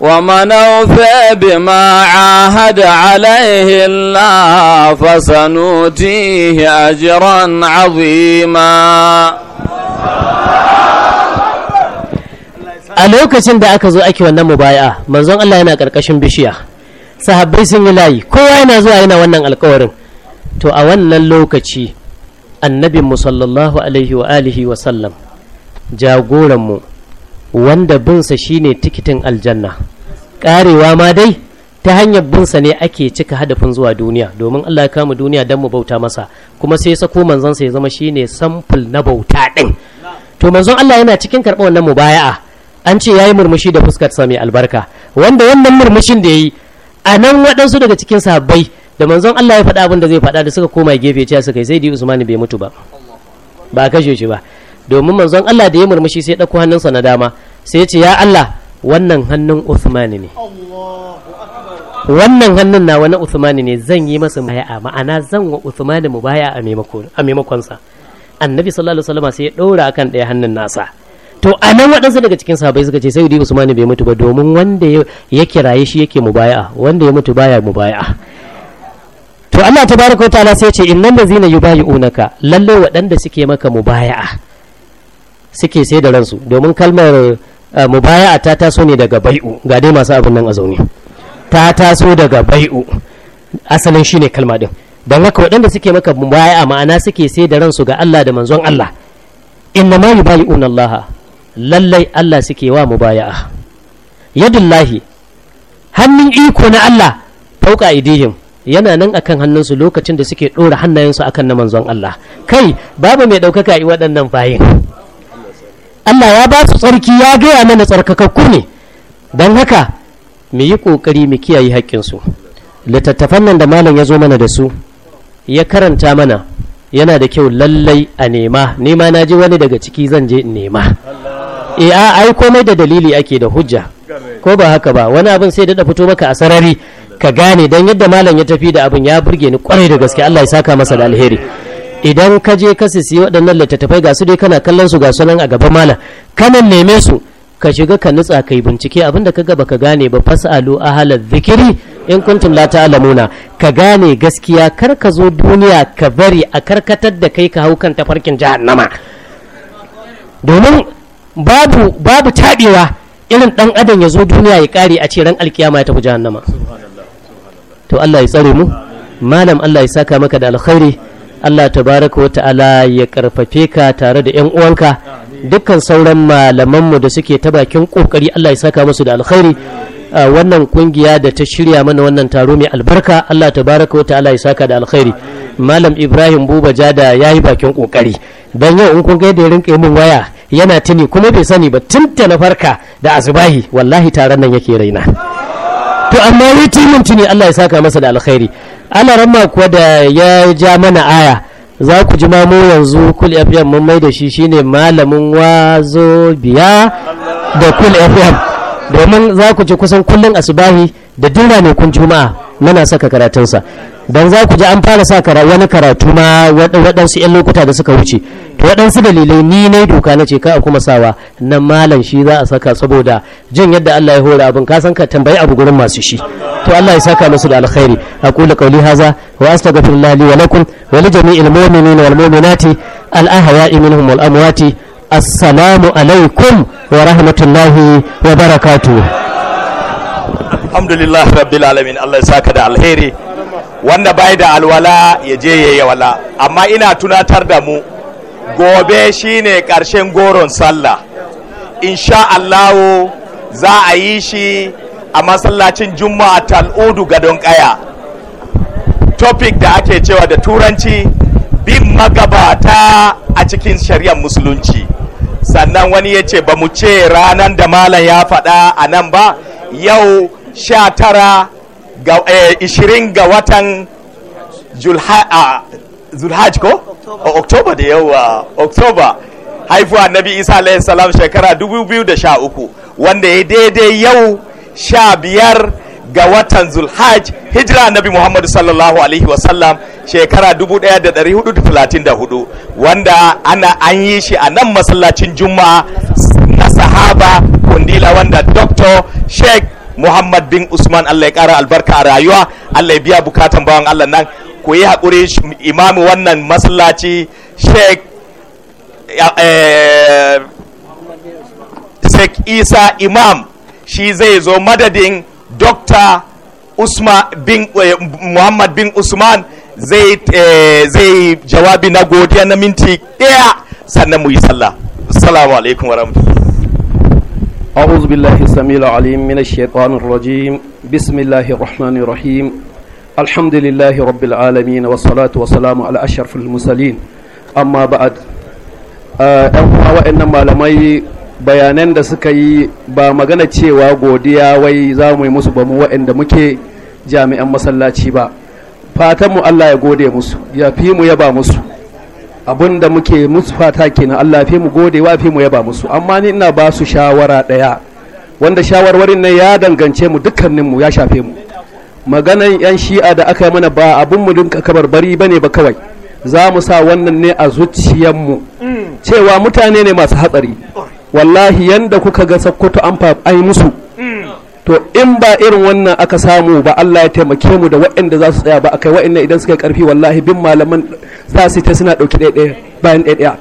Speaker 2: ومن أوفى بما عاهد عليه الله فسنؤتيه أجرا عظيما
Speaker 4: a lokacin da aka zo ake wannan mubaya manzon Allah yana karkashin bishiya sahabbai sun yi layi kowa yana zuwa yana wannan alkawarin to a wannan lokaci annabinmu mu sallallahu alaihi wa alihi wa sallam jagoran mu wanda binsa shine tikitin aljanna karewa ma dai ta hanyar bin sa ne ake cika hadafin zuwa duniya domin Allah ya kama duniya dan mu bauta masa kuma sai sako manzon sa ya zama shine sample na bauta din to manzon Allah yana cikin karɓar wannan mubaya'a an ce ya yi murmushi da fuskar sa albarka wanda wannan murmushin da ya yi a nan waɗansu daga cikin sahabbai da manzon Allah ya faɗa abin da zai faɗa da suka koma gefe cewa suka yi sai di Usman bai mutu ba ba kashe shi ba domin manzon Allah da ya murmushi sai ɗauko hannunsa na dama sai ya ce ya Allah wannan hannun Uthman ne wannan hannun na wani Uthman ne zan yi masa a ma'ana zan wa Uthman mu a a maimakon sa annabi sallallahu alaihi wasallam sai ya ɗora akan ɗaya hannun nasa to a nan waɗansu daga cikin sahabbai suka ce sayyidi usman bai mutu ba domin wanda ya kiraye shi yake mubaya'a wanda ya mutu baya mubaya'a to Allah tabaraka wa ta'ala sai ya ce innal ladzina yubayi'unaka lalle waɗanda suke maka mubaya'a suke sai da ransu domin kalmar eh, mubaya'a ta taso ne daga bai'u ga dai masu abin nan a zaune ta taso daga bai'u asalin shine kalma din dan haka waɗanda suke maka mubaya'a ma'ana suke sai da ransu ga Allah da manzon Allah inna ma yubayi'una Allah lallai Allah suke wa mubaya'a yadullahi hannun iko na Allah fauka idihim yana nan akan hannunsu lokacin da suke ɗora hannayensu akan na manzon Allah kai babu mai ɗaukaka yi waɗannan bayin Allah ya ba su tsarki ya gaya mana tsarkakakku ne don haka mu yi ƙoƙari mu kiyaye haƙƙinsu littattafan nan da malam ya zo mana da su ya karanta mana yana da kyau lallai a nema nema na ji wani daga ciki zan je in nema e a ai komai da dalili ake da hujja ko ba haka ba wani abin sai da fito maka a sarari ka gane dan yadda malam ya tafi da abin ya burge ni kwarai da gaske Allah ya saka masa da alheri idan ka je ka sisi waɗannan littattafai ga su dai kana kallon su ga nan a gaban malam kana neme su ka shiga ka nutsa kai bincike abin da kaga baka gane ba fasalu ahalar zikiri in kuntum la ta'lamuna ka gane gaskiya kar ka zo duniya ka bari a karkatar da kai ka hau kan tafarkin jahannama domin babu babu taɓewa irin ɗan adam ya zo duniya ya kare a ce ran alkiyama ya tafi jahannama to Allah ya tsare mu malam Allah ya saka maka da alkhairi Allah tabaraka wa ta'ala ya karfafe ka tare da yan uwanka dukkan sauran malamanmu da suke ta bakin kokari Allah ya saka musu da alkhairi wannan kungiya da ta shirya mana wannan taro mai albarka Allah tabaraka wa ta'ala ya saka da alkhairi malam Ibrahim Buba Jada yayi bakin kokari dan yau in kun ga da rinka min waya yana tuni kuma bai sani ba tun ta na farka da azubahi wallahi taron nan yake raina to amma yi tunin tuni Allah ya saka masa da alkhairi ana ramma kuwa da ya ja mana aya za ku ji mamu yanzu kul fm mun mai da shi shine malamin wazo biya da kul fm domin za ku ji kusan kullun asubahi da duk kun juma'a muna saka karatunsa dan za ku ji an fara sa wani karatu ma waɗansu 'yan lokuta da suka wuce to waɗansu dalilai ni na doka na ce ka a kuma sawa nan malam shi za a saka saboda jin yadda Allah ya hore abin ka san ka tambayi abu gurin masu shi to Allah ya saka musu da alkhairi aqulu qawli hadha wa astaghfirullah li wa lakum wa li jami'il mu'minina wal mu'minati al ahya'i minhum wal amwati assalamu alaikum wa rahmatullahi wa barakatuh
Speaker 3: alhamdulillah rabbil alamin Allah ya saka da alheri wanda bai da alwala ya je ya yi wala amma ina tunatar da mu gobe shine karshen goron sallah insha Allah za a yi shi a masallacin juma'a tal'udu gadon kaya topic da ake cewa da turanci bin magabata a cikin shari'ar musulunci sannan wani ya ce ba mu ce ranar da malam ya faɗa a nan ba yau 19 ga eh, ishirin ga watan ah, zulhaj ko? Oh, oktoba da yawa oktoba na bi isa alayhi salam shekara 2013 wanda ya daidai yau sha biyar ga watan zulhaj hijira bi muhammadu sallallahu alaihi wasallam shekara 1434 wanda ana an yi shi a nan masallacin juma'a na sahaba kundila wanda dr sheikh Muhammad bin Usman Allah ya ƙara albarka a rayuwa Allah ya biya bukatan bawan Allah nan ku yi haƙuri imamu wannan masallaci Sheikh eh, Sheikh Isa Imam shi zai zo madadin Dr. Usman bin eh, Muhammad bin Usman zai eh, jawabi na godiya na minti ɗaya sannan mu yi sallah. Assalamu alaikum warahmatullahi
Speaker 6: أعوذ بالله السميع العليم من الشيطان الرجيم بسم الله الرحمن الرحيم الحمد لله رب العالمين والصلاة والسلام على ɗan uwa waɗannan malamai bayanai da suka yi ba magana cewa godiya wai za mu musu ba mu waɗanda muke jami'an masallaci ba fatan mu Allah ya gode musu ya fi mu yaba musu abun da muke musu fata kenan Allah fi mu gode wa fi mu yaba musu amma ni ina ba su shawara daya wanda shawarwarin nan ya dangance mu dukkanin ya shafe mu maganan yan shi'a da aka yi mana ba abin mu dinka kabar bari bane ba kawai za mu sa wannan ne a zuciyar mu mm. cewa mutane ne masu hatsari wallahi yanda kuka ga sakkwato an fa ai musu to in ba irin wannan aka samu ba Allah ya taimake mu da waɗanda za su tsaya ba akai waɗanda idan suka ƙarfi wallahi bin malaman za su ta suna ɗauki ɗaya bayan ɗaya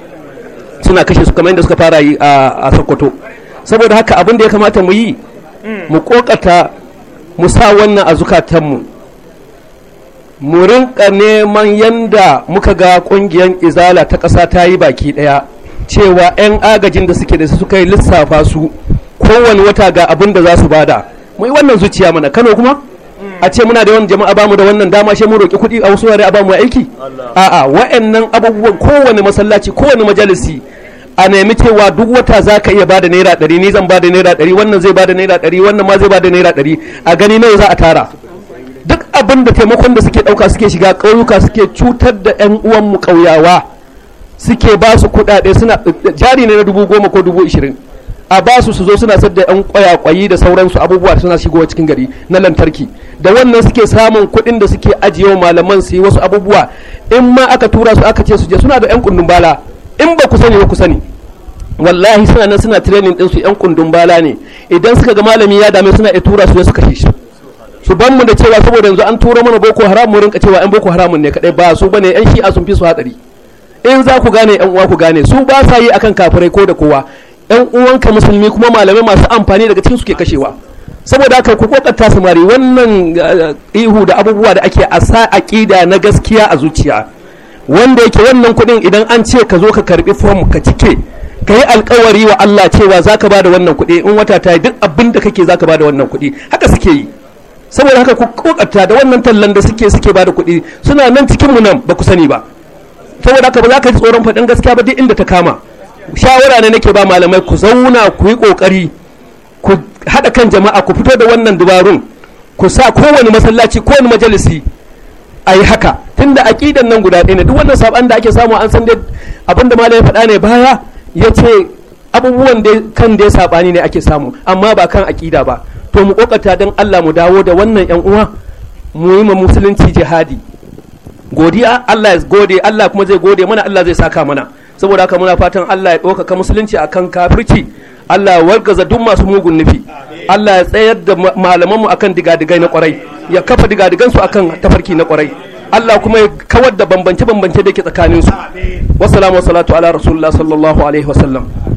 Speaker 6: suna kashe su kamar yadda suka fara yi a Sokoto saboda haka abin da ya kamata mu yi mu kokata mu sa wannan a zukatanmu mu rinka neman yanda muka ga ƙungiyar izala ta ƙasa ta yi baki ɗaya cewa 'yan agajin da suke da suka yi lissafa su kowane wata ga abin da za su bada mu wannan zuciya mana kano kuma mm. a ce muna da yawan jama'a ba mu da wannan dama shi mu roƙi kuɗi a wasu wurare a ba mu aiki a'a wa'annan abubuwan kowane masallaci kowane majalisi a nemi cewa duk wata za ka iya bada naira ɗari ni zan bada naira ɗari wannan zai bada naira ɗari wannan ma zai bada naira ɗari a gani nawa za a tara duk abin da taimakon da suke ɗauka suke shiga ƙauyuka suke cutar da 'yan uwanmu ƙauyawa suke ba su kuɗaɗe suna jari ne na dubu goma ko dubu ishirin a ba su su zo suna sadda yan kwayakwayi da sauransu abubuwa suna shigowa cikin gari na lantarki da wannan suke samun kuɗin da suke ajiye malaman su yi wasu abubuwa in ma aka tura su aka ce su je suna da yan kundin bala in ba ku sani ba ku sani wallahi suna nan suna training din su yan kundin bala ne idan suka ga malami ya dame suna iya tura su ya suka shi su ban mu da cewa saboda yanzu an tura mana boko haram mu rinka cewa yan boko haram ne kadai ba su bane yan shi'a sun fi su hatsari in za ku gane yan uwa ku gane su ba sa yi akan kafirai ko da kowa yan uwanka musulmi kuma malamai masu amfani daga cikin suke kashewa saboda haka ku kokarta samari wannan eh, ihu da abubuwa da ake a sa aqida na gaskiya a zuciya wanda yake wannan kuɗin idan an ce ka zo ka karbi form ka cike ka yi alkawari wa Allah cewa za ka ba da wannan kuɗi in wata ta duk abin da kake za ka wannan kuɗi haka suke yi saboda haka ku kokarta da wannan tallan da suke suke ba da kuɗi suna nan cikin mu nan ba ku sani ba saboda haka ba za ka ji tsoron faɗin gaskiya ba duk inda ta kama shawara ne nake ba malamai ku zauna ku yi kokari ku haɗa kan jama'a ku fito da wannan dubarun ku sa kowane masallaci kowane majalisi a yi haka tunda aƙidan nan guda ɗaya ne duk wannan saban da ake samu an san dai abin da malamai faɗa ne baya ya ce abubuwan da kan dai saɓani ne ake samu amma ba kan aƙida ba to mu kokata don allah mu dawo da wannan yan uwa mu yi ma musulunci jihadi godiya allah ya gode allah kuma zai gode mana allah zai saka mana saboda haka muna fatan Allah ya ɗaukaka musulunci akan kafirci Allah ya wargaza duk masu mugun nufi Allah ya tsayar da malamanmu akan digadigai na kwarai ya kafa digadigansu akan tafarki na kwarai Allah kuma ya kawar da bambance-bambance da ke tsakaninsu wasu salatu ala rasulullah sallallahu alaihi wasallam